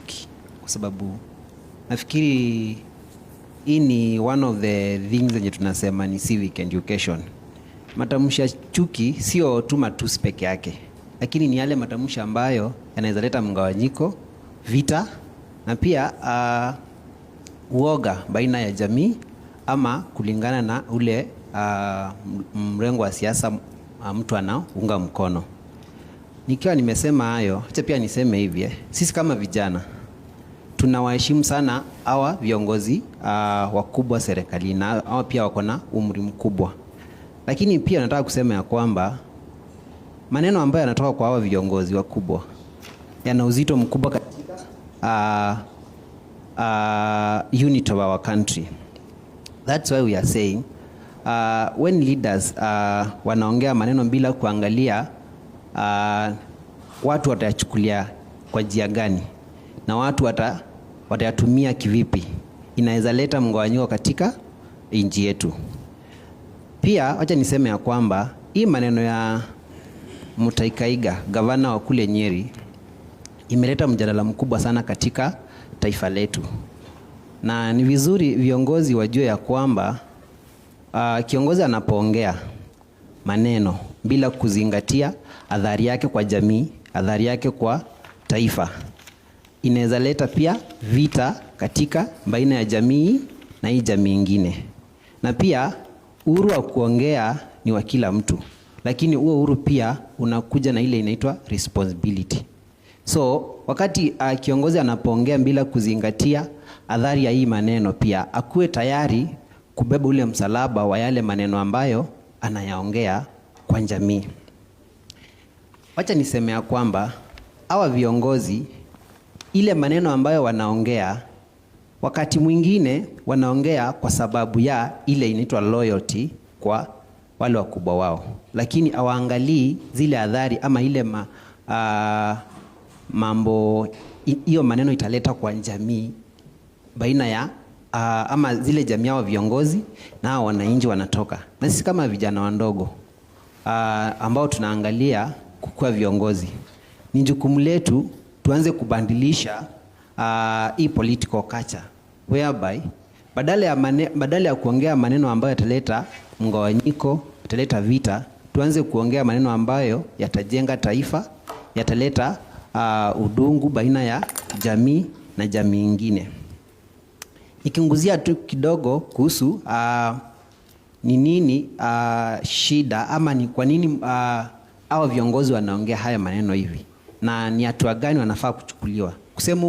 chuki, kwa sababu nafikiri hii ni one of the things zenye tunasema ni civic education. Matamshi ya chuki sio tu matusi peke yake, lakini ni yale matamshi ambayo yanaweza leta mgawanyiko, vita na pia uh, uoga baina ya jamii ama kulingana na ule uh, mrengo wa siasa uh, mtu anaunga mkono. Nikiwa nimesema hayo, hacha pia niseme hivi, eh. sisi kama vijana tunawaheshimu sana hawa viongozi uh, wakubwa serikalini na hawa pia wako na umri mkubwa, lakini pia nataka kusema ya kwamba maneno ambayo yanatoka kwa hawa viongozi wakubwa yana uzito mkubwa katika uh, uh, unit of our country. That's why we are saying uh, when leaders uh, wanaongea maneno bila kuangalia uh, watu watayachukulia kwa njia gani na watu wata, watayatumia kivipi, inaweza leta mgawanyiko katika nchi yetu. Pia wacha niseme ya kwamba hii maneno ya Mutaikaiga, gavana wa kule Nyeri, imeleta mjadala mkubwa sana katika taifa letu, na ni vizuri viongozi wajue ya kwamba uh, kiongozi anapoongea maneno bila kuzingatia adhari yake kwa jamii, adhari yake kwa taifa. Inaweza leta pia vita katika baina ya jamii na hii jamii ingine. Na pia uhuru wa kuongea ni wa kila mtu, lakini huo uhuru pia unakuja na ile inaitwa responsibility. So wakati uh, kiongozi anapoongea bila kuzingatia adhari ya hii maneno, pia akuwe tayari kubeba ule msalaba wa yale maneno ambayo anayaongea kwa jamii. Wacha nisemea kwamba hawa viongozi, ile maneno ambayo wanaongea, wakati mwingine wanaongea kwa sababu ya ile inaitwa loyalty kwa wale wakubwa wao, lakini hawaangalii zile adhari ama ile ma, uh, mambo hiyo maneno italeta kwa jamii baina ya uh, ama zile jamii hao viongozi na wananchi wanatoka, na sisi kama vijana wandogo uh, ambao tunaangalia kukua viongozi, ni jukumu letu tuanze kubadilisha uh, hii political culture whereby badala ya, mane, badala ya kuongea maneno ambayo yataleta mgawanyiko, yataleta vita, tuanze kuongea maneno ambayo yatajenga taifa, yataleta uh, udungu baina ya jamii na jamii ingine. ikinguzia tu kidogo kuhusu uh, ni nini uh, shida ama ni kwa nini uh, viongozi wanaongea haya maneno hivi na ni hatua gani wanafaa kuchukuliwa kusema